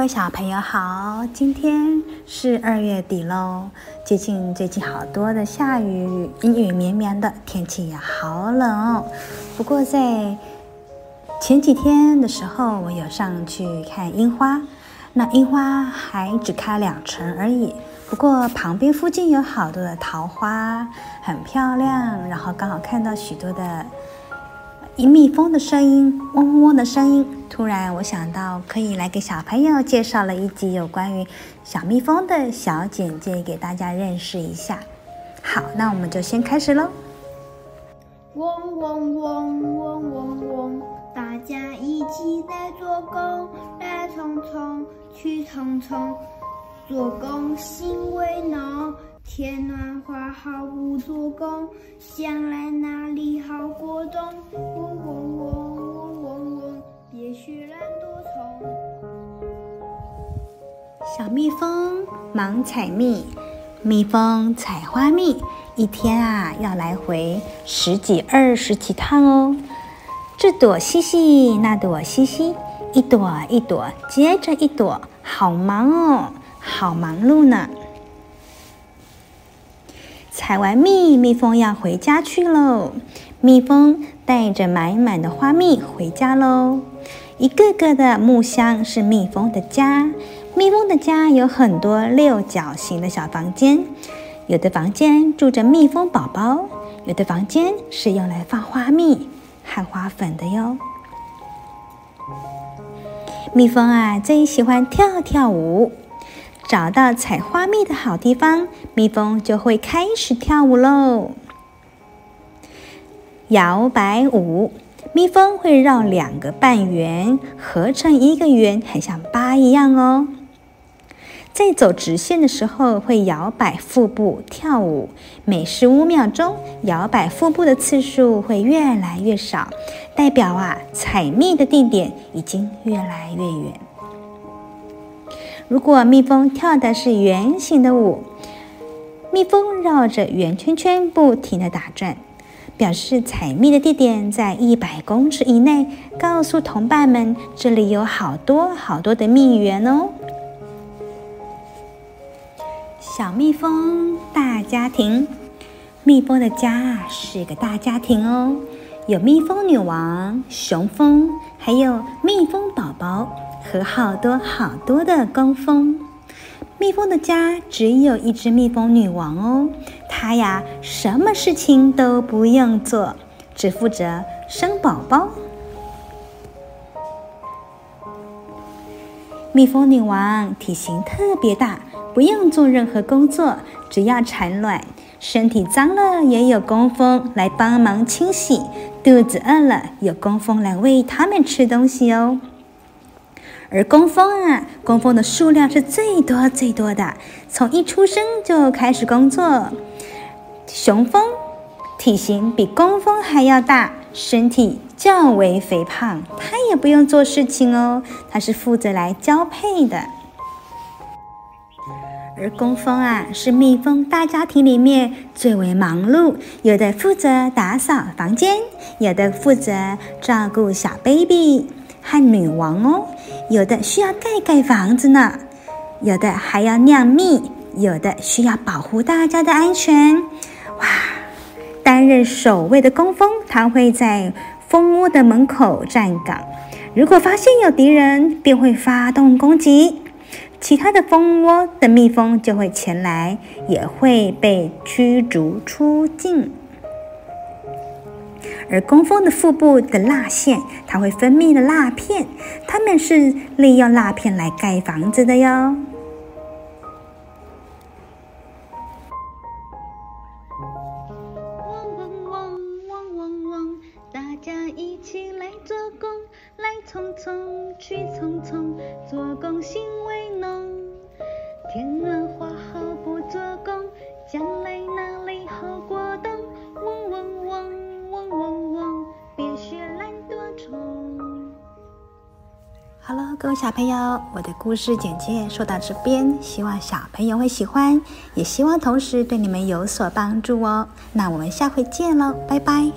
各位小朋友好，今天是二月底嘍。最近最近好多的下雨，陰雨綿綿的天氣也好冷哦。不過在前幾天的時候，我有上去看櫻花，那櫻花還只開兩成而已。不過旁邊附近有好多的桃花，很漂亮。然後剛好看到許多的。一蜜蜂的聲音，嗡嗡嗡的聲音。突然，我想到可以來給小朋友介紹了一集有關於小蜜蜂的小簡介，給大家認識一下。好，那我們就先開始嘍。嗡嗡嗡嗡嗡嗡，大家一起來做工，來匆匆去匆匆，做工興味濃，天暖花好。想來哪裡好過冬嗡嗡嗡嗡嗡嗡，別學懶惰蟲。小蜜蜂忙採蜜，蜜蜂採花蜜，一天啊要來回十幾、二十幾趟哦。這朵西西，那朵西西，一朵一朵接着一朵，好忙哦，好忙碌呢。採完蜜，蜜蜂要回家去嘍。蜜蜂帶着滿滿的花蜜回家嘍。一個個的木箱是蜜蜂的家，蜜蜂的家有很多六角形的小房間，有的房間住着蜜蜂寶寶，有的房間是用來放花蜜和花粉的喲。蜜蜂啊，最喜歡跳跳舞。找到採花蜜的好地方，蜜蜂就會開始跳舞嘍。搖擺舞，蜜蜂會繞兩個半圓合成一個圓，很像八一樣哦。在走直線的時候，會搖擺腹部跳舞。每十五秒鐘，搖擺腹部的次數會越來越少，代表啊，採蜜的地點已經越來越遠。如果蜜蜂跳的是圓形的舞，蜜蜂繞着圓圈圈不停的打轉，表示採蜜的地點在一百公尺以內，告訴同伴們這裡有好多好多的蜜源哦。小蜜蜂大家庭，蜜蜂的家啊是個大家庭哦，有蜜蜂女王、雄蜂，還有蜜蜂寶寶。和好多好多的工蜂，蜜蜂的家只有一隻蜜蜂女王哦，它呀什麼事情都不用做，只負責生寶寶。蜜蜂女王體型特別大，不用做任何工作，只要產卵。身體髒了也有工蜂來幫忙清洗，肚子餓了有工蜂來餵它們吃東西哦。而工蜂啊，工蜂的數量是最多最多的，從一出生就開始工作。雄蜂體型比工蜂還要大，身體較為肥胖，它也不用做事情哦，它是負責來交配的。而工蜂啊，是蜜蜂大家庭裡面最為忙碌，有的負責打掃房間，有的負責照顧小 baby。和女王哦，有的需要蓋蓋房子呢，有的還要釀蜜，有的需要保護大家的安全。哇，擔任守衛的工蜂，它會在蜂窩的門口站崗，如果發現有敵人，便會發動攻擊，其他的蜂窩的蜜蜂就會前來，也會被驅逐出境。而工蜂的腹部的蠟腺，它會分泌的蠟片，它們是利用蠟片來蓋房子的喲。各位小朋友，我的故事簡介說到這邊，希望小朋友會喜歡，也希望同時對你們有所幫助哦。那我們下回見嘍，拜拜。